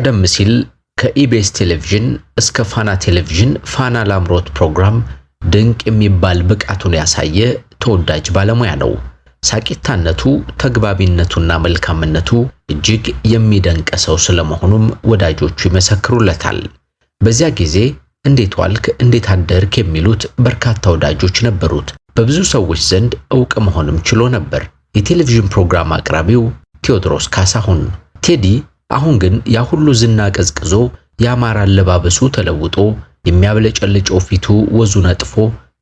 ቀደም ሲል ከኢቤስ ቴሌቪዥን እስከ ፋና ቴሌቪዥን ፋና ላምሮት ፕሮግራም ድንቅ የሚባል ብቃቱን ያሳየ ተወዳጅ ባለሙያ ነው። ሳቂታነቱ፣ ተግባቢነቱና መልካምነቱ እጅግ የሚደንቅ ሰው ስለመሆኑም ወዳጆቹ ይመሰክሩለታል። በዚያ ጊዜ እንዴት ዋልክ፣ እንዴት አደርክ የሚሉት በርካታ ወዳጆች ነበሩት። በብዙ ሰዎች ዘንድ እውቅ መሆንም ችሎ ነበር። የቴሌቪዥን ፕሮግራም አቅራቢው ቴዎድሮስ ካሳሁን ቴዲ አሁን ግን ያ ሁሉ ዝና ቀዝቅዞ ያማረ አለባበሱ ተለውጦ የሚያብለጨልጨው ፊቱ ወዙ ነጥፎ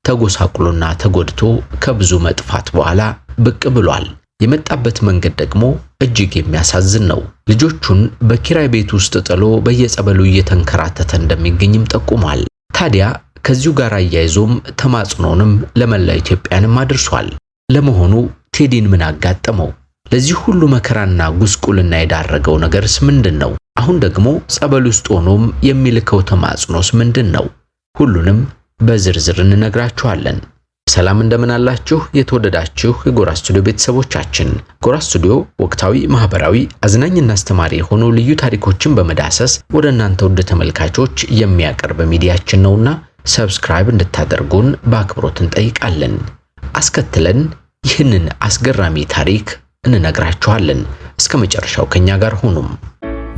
ተጎሳቁሎና ተጎድቶ ከብዙ መጥፋት በኋላ ብቅ ብሏል። የመጣበት መንገድ ደግሞ እጅግ የሚያሳዝን ነው። ልጆቹን በኪራይ ቤት ውስጥ ጥሎ በየጸበሉ እየተንከራተተ እንደሚገኝም ጠቁሟል። ታዲያ ከዚሁ ጋር አያይዞም ተማጽኖንም ለመላው ኢትዮጵያንም አድርሷል። ለመሆኑ ቴዲን ምን አጋጠመው? ለዚህ ሁሉ መከራና ጉስቁልና የዳረገው ነገርስ ምንድን ነው? አሁን ደግሞ ጸበል ውስጥ ሆኖም የሚልከው ተማጽኖስ ምንድን ነው? ሁሉንም በዝርዝር እንነግራችኋለን። ሰላም እንደምን አላችሁ? የተወደዳችሁ የጎራ ስቱዲዮ ቤተሰቦቻችን፣ ጎራ ስቱዲዮ ወቅታዊ፣ ማህበራዊ፣ አዝናኝና አስተማሪ የሆኑ ልዩ ታሪኮችን በመዳሰስ ወደ እናንተ ወደ ተመልካቾች የሚያቀርብ ሚዲያችን ነውና ሰብስክራይብ እንድታደርጉን በአክብሮት እንጠይቃለን። አስከትለን ይህንን አስገራሚ ታሪክ እንነግራችኋለን። እስከ መጨረሻው ከኛ ጋር ሁኑም።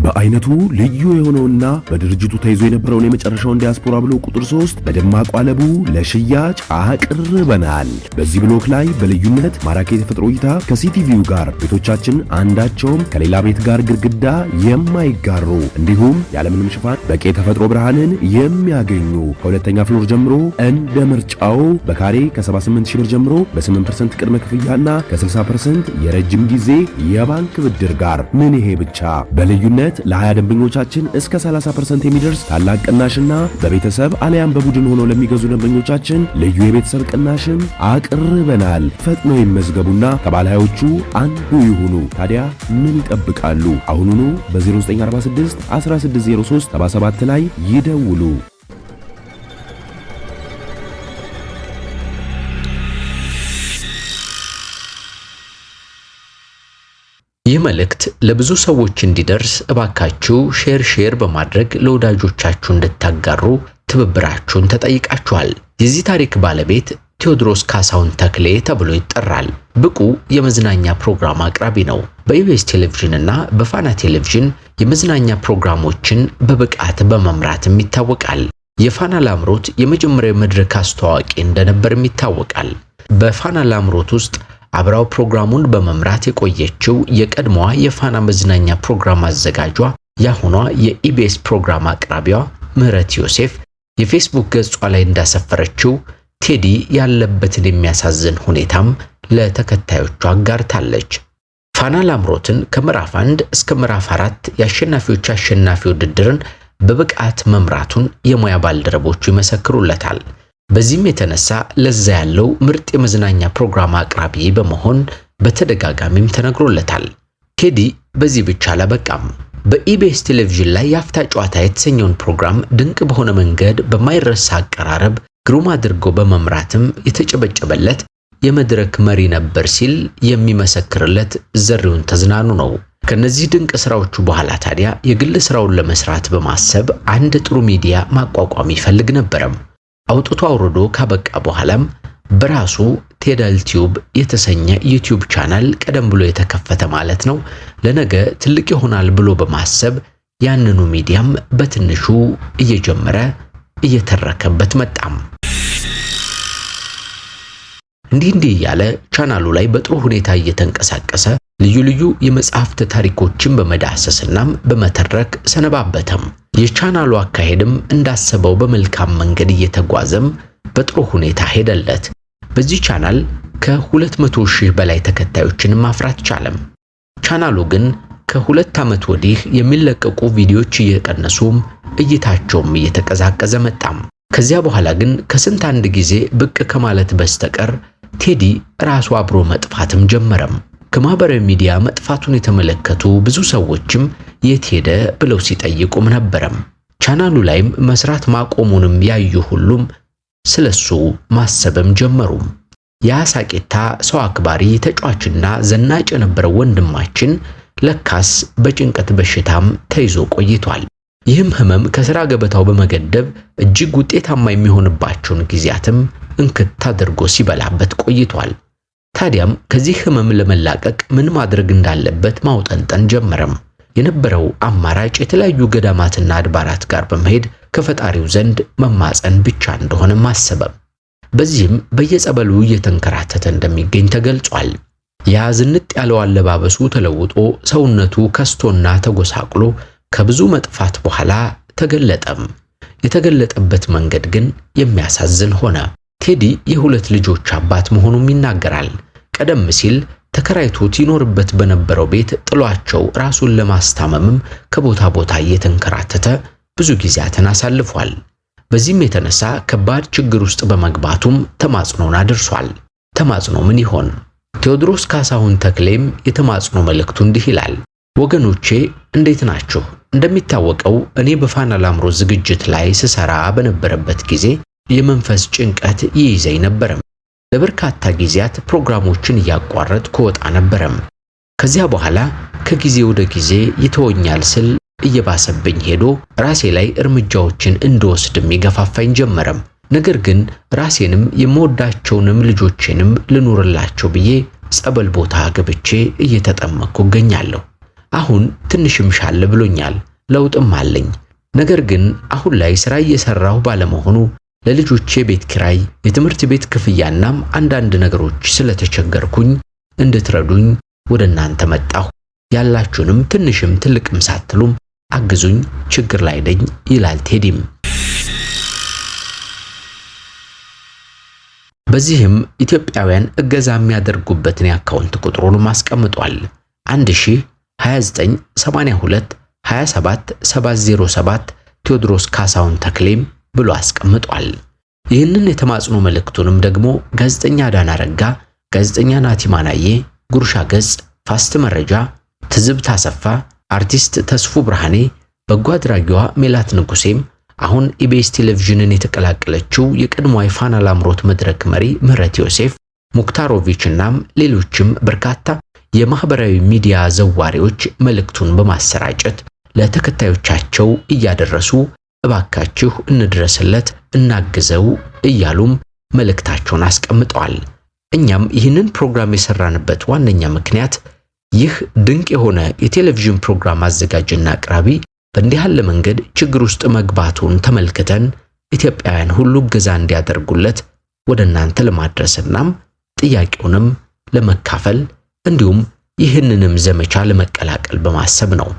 በአይነቱ ልዩ የሆነውና በድርጅቱ ተይዞ የነበረውን የመጨረሻውን ዲያስፖራ ብሎክ ቁጥር 3 በደማቅ አለቡ ለሽያጭ አቅርበናል። በዚህ ብሎክ ላይ በልዩነት ማራኪ የተፈጥሮ እይታ ከሲቲቪው ጋር ቤቶቻችን አንዳቸውም ከሌላ ቤት ጋር ግድግዳ የማይጋሩ እንዲሁም ያለምንም ሽፋን በቂ የተፈጥሮ ብርሃንን የሚያገኙ ከሁለተኛ ፍሎር ጀምሮ እንደ ምርጫው በካሬ ከ78000 ብር ጀምሮ በ8% ቅድመ ክፍያና ከ60% የረጅም ጊዜ የባንክ ብድር ጋር ምን ይሄ ብቻ በልዩነት በማለት ለ20 ደንበኞቻችን እስከ 30% የሚደርስ ታላቅ ቅናሽና በቤተሰብ አሊያም በቡድን ሆኖ ለሚገዙ ደንበኞቻችን ልዩ የቤተሰብ ቅናሽን አቅርበናል። ፈጥኖ ይመዝገቡና ከባለሃዮቹ አንዱ ይሁኑ። ታዲያ ምን ይጠብቃሉ? አሁኑኑ በ0946 1603 77 ላይ ይደውሉ። መልእክት ለብዙ ሰዎች እንዲደርስ እባካችሁ ሼር ሼር በማድረግ ለወዳጆቻችሁ እንድታጋሩ ትብብራችሁን ተጠይቃችኋል። የዚህ ታሪክ ባለቤት ቴዎድሮስ ካሳሁን ተክሌ ተብሎ ይጠራል። ብቁ የመዝናኛ ፕሮግራም አቅራቢ ነው። በኢቢኤስ ቴሌቪዥን እና በፋና ቴሌቪዥን የመዝናኛ ፕሮግራሞችን በብቃት በመምራትም ይታወቃል። የፋና ላምሮት የመጀመሪያው መድረክ አስተዋዋቂ እንደነበርም ይታወቃል። በፋና ላምሮት ውስጥ አብራው ፕሮግራሙን በመምራት የቆየችው የቀድሞዋ የፋና መዝናኛ ፕሮግራም አዘጋጇ የአሁኗ የኢቢኤስ ፕሮግራም አቅራቢዋ ምህረት ዮሴፍ የፌስቡክ ገጿ ላይ እንዳሰፈረችው ቴዲ ያለበትን የሚያሳዝን ሁኔታም ለተከታዮቿ አጋርታለች። ፋና ላምሮትን ከምዕራፍ አንድ እስከ ምዕራፍ አራት የአሸናፊዎች አሸናፊ ውድድርን በብቃት መምራቱን የሙያ ባልደረቦቹ ይመሰክሩለታል። በዚህም የተነሳ ለዛ ያለው ምርጥ የመዝናኛ ፕሮግራም አቅራቢ በመሆን በተደጋጋሚም ተነግሮለታል። ኬዲ በዚህ ብቻ አላበቃም። በኢቢኤስ ቴሌቪዥን ላይ የአፍታ ጨዋታ የተሰኘውን ፕሮግራም ድንቅ በሆነ መንገድ በማይረሳ አቀራረብ ግሩም አድርጎ በመምራትም የተጨበጨበለት የመድረክ መሪ ነበር ሲል የሚመሰክርለት ዘሪሁን ተዝናኑ ነው። ከነዚህ ድንቅ ስራዎቹ በኋላ ታዲያ የግል ስራውን ለመስራት በማሰብ አንድ ጥሩ ሚዲያ ማቋቋም ይፈልግ ነበረም። አውጥቶ አውርዶ ካበቃ በኋላም በራሱ ቴዳል ቲዩብ የተሰኘ ዩቲዩብ ቻናል ቀደም ብሎ የተከፈተ ማለት ነው። ለነገ ትልቅ ይሆናል ብሎ በማሰብ ያንኑ ሚዲያም በትንሹ እየጀመረ እየተረከበት መጣም። እንዲህ እንዲህ እያለ ቻናሉ ላይ በጥሩ ሁኔታ እየተንቀሳቀሰ ልዩ ልዩ የመጽሐፍት ታሪኮችን በመዳሰስናም በመተረክ ሰነባበተም። የቻናሉ አካሄድም እንዳሰበው በመልካም መንገድ እየተጓዘም በጥሩ ሁኔታ ሄደለት። በዚህ ቻናል ከ200 ሺህ በላይ ተከታዮችን ማፍራት ቻለም። ቻናሉ ግን ከሁለት ዓመት ወዲህ የሚለቀቁ ቪዲዮዎች እየቀነሱም እይታቸውም እየተቀዛቀዘ መጣም። ከዚያ በኋላ ግን ከስንት አንድ ጊዜ ብቅ ከማለት በስተቀር ቴዲ ራሱ አብሮ መጥፋትም ጀመረም። ከማህበራዊ ሚዲያ መጥፋቱን የተመለከቱ ብዙ ሰዎችም የት ሄደ ብለው ሲጠይቁም ነበረም። ቻናሉ ላይም መስራት ማቆሙንም ያዩ ሁሉም ስለሱ ማሰብም ጀመሩ። ያ ሰው አክባሪ ተጫዋችና ዘናጭ የነበረው ወንድማችን ለካስ በጭንቀት በሽታም ተይዞ ቆይቷል። ይህም ህመም ከሥራ ገበታው በመገደብ እጅግ ውጤታማ የሚሆንባቸውን ጊዜያትም እንክት አድርጎ ሲበላበት ቆይቷል። ታዲያም ከዚህ ህመም ለመላቀቅ ምን ማድረግ እንዳለበት ማውጠንጠን ጀመረም። የነበረው አማራጭ የተለያዩ ገዳማትና አድባራት ጋር በመሄድ ከፈጣሪው ዘንድ መማፀን ብቻ እንደሆነ ማሰበም። በዚህም በየጸበሉ እየተንከራተተ እንደሚገኝ ተገልጿል። ያ ዝንጥ ያለው አለባበሱ ተለውጦ ሰውነቱ ከስቶና ተጎሳቅሎ ከብዙ መጥፋት በኋላ ተገለጠም። የተገለጠበት መንገድ ግን የሚያሳዝን ሆነ። ቴዲ የሁለት ልጆች አባት መሆኑም ይናገራል። ቀደም ሲል ተከራይቶት ይኖርበት በነበረው ቤት ጥሏቸው ራሱን ለማስታመምም ከቦታ ቦታ እየተንከራተተ ብዙ ጊዜያትን አሳልፏል። በዚህም የተነሳ ከባድ ችግር ውስጥ በመግባቱም ተማጽኖን አድርሷል። ተማጽኖ ምን ይሆን? ቴዎድሮስ ካሳሁን ተክሌም የተማጽኖ መልእክቱ እንዲህ ይላል። ወገኖቼ እንዴት ናችሁ? እንደሚታወቀው እኔ በፋና ላምሮት ዝግጅት ላይ ስሰራ በነበረበት ጊዜ የመንፈስ ጭንቀት ይይዘኝ ነበረም። ለበርካታ ጊዜያት ፕሮግራሞችን እያቋረጥኩ ወጣ ነበርም። ከዚያ በኋላ ከጊዜ ወደ ጊዜ ይተወኛል ስል እየባሰብኝ ሄዶ ራሴ ላይ እርምጃዎችን እንድወስድም ይገፋፋኝ ጀመረም። ነገር ግን ራሴንም የምወዳቸውንም ልጆቼንም ልኑርላቸው ብዬ ጸበል ቦታ ገብቼ እየተጠመቅኩ እገኛለሁ። አሁን ትንሽም ሻል ብሎኛል፣ ለውጥም አለኝ። ነገር ግን አሁን ላይ ስራ እየሰራሁ ባለመሆኑ ለልጆቼ ቤት ክራይ የትምህርት ቤት ክፍያናም አንዳንድ ነገሮች ስለተቸገርኩኝ እንድትረዱኝ ወደ እናንተ መጣሁ። ያላችሁንም ትንሽም ትልቅም ሳትሉም አግዙኝ፣ ችግር ላይ ነኝ ይላል ቴዲም። በዚህም ኢትዮጵያውያን እገዛ የሚያደርጉበትን የአካውንት ቁጥሩንም አስቀምጧል። 1029822777 ቴዎድሮስ ካሳውን ተክሌም ብሎ አስቀምጧል። ይህንን የተማጽኖ መልእክቱንም ደግሞ ጋዜጠኛ ዳና ረጋ፣ ጋዜጠኛ ማናዬ፣ ጉርሻ ገጽ፣ ፋስት መረጃ፣ ትዝብት አሰፋ፣ አርቲስት ተስፉ ብርሃኔ፣ በጎ አድራጊዋ ሜላት ንጉሴም አሁን ኢቤስ ቴሌቪዥንን የተቀላቀለችው የቀድሞ የፋና ላምሮት መድረክ መሪ ምህረት ዮሴፍ ሙክታሮቪች እናም ሌሎችም በርካታ የማህበራዊ ሚዲያ ዘዋሪዎች መልእክቱን በማሰራጨት ለተከታዮቻቸው እያደረሱ እባካችሁ እንድረስለት፣ እናግዘው እያሉም መልእክታቸውን አስቀምጠዋል። እኛም ይህንን ፕሮግራም የሰራንበት ዋነኛ ምክንያት ይህ ድንቅ የሆነ የቴሌቪዥን ፕሮግራም አዘጋጅና አቅራቢ በእንዲህ ያለ መንገድ ችግር ውስጥ መግባቱን ተመልክተን ኢትዮጵያውያን ሁሉ እገዛ እንዲያደርጉለት ወደ እናንተ ለማድረስናም ጥያቄውንም ለመካፈል እንዲሁም ይህንንም ዘመቻ ለመቀላቀል በማሰብ ነው።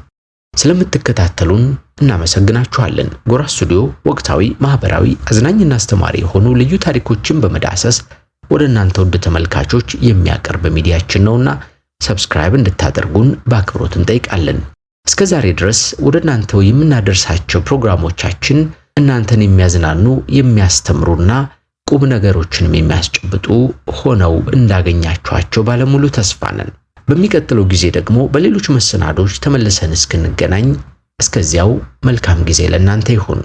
ስለምትከታተሉን እናመሰግናችኋለን። ጎራ ስቱዲዮ ወቅታዊ፣ ማህበራዊ፣ አዝናኝና አስተማሪ የሆኑ ልዩ ታሪኮችን በመዳሰስ ወደ እናንተ ውድ ተመልካቾች የሚያቀርብ ሚዲያችን ነውና ሰብስክራይብ እንድታደርጉን በአክብሮት እንጠይቃለን። እስከ ዛሬ ድረስ ወደ እናንተ የምናደርሳቸው ፕሮግራሞቻችን እናንተን የሚያዝናኑ የሚያስተምሩና ቁም ነገሮችንም የሚያስጨብጡ ሆነው እንዳገኛችኋቸው ባለሙሉ ተስፋ ነን። በሚቀጥለው ጊዜ ደግሞ በሌሎች መሰናዶች ተመልሰን እስክንገናኝ እስከዚያው መልካም ጊዜ ለእናንተ ይሁን።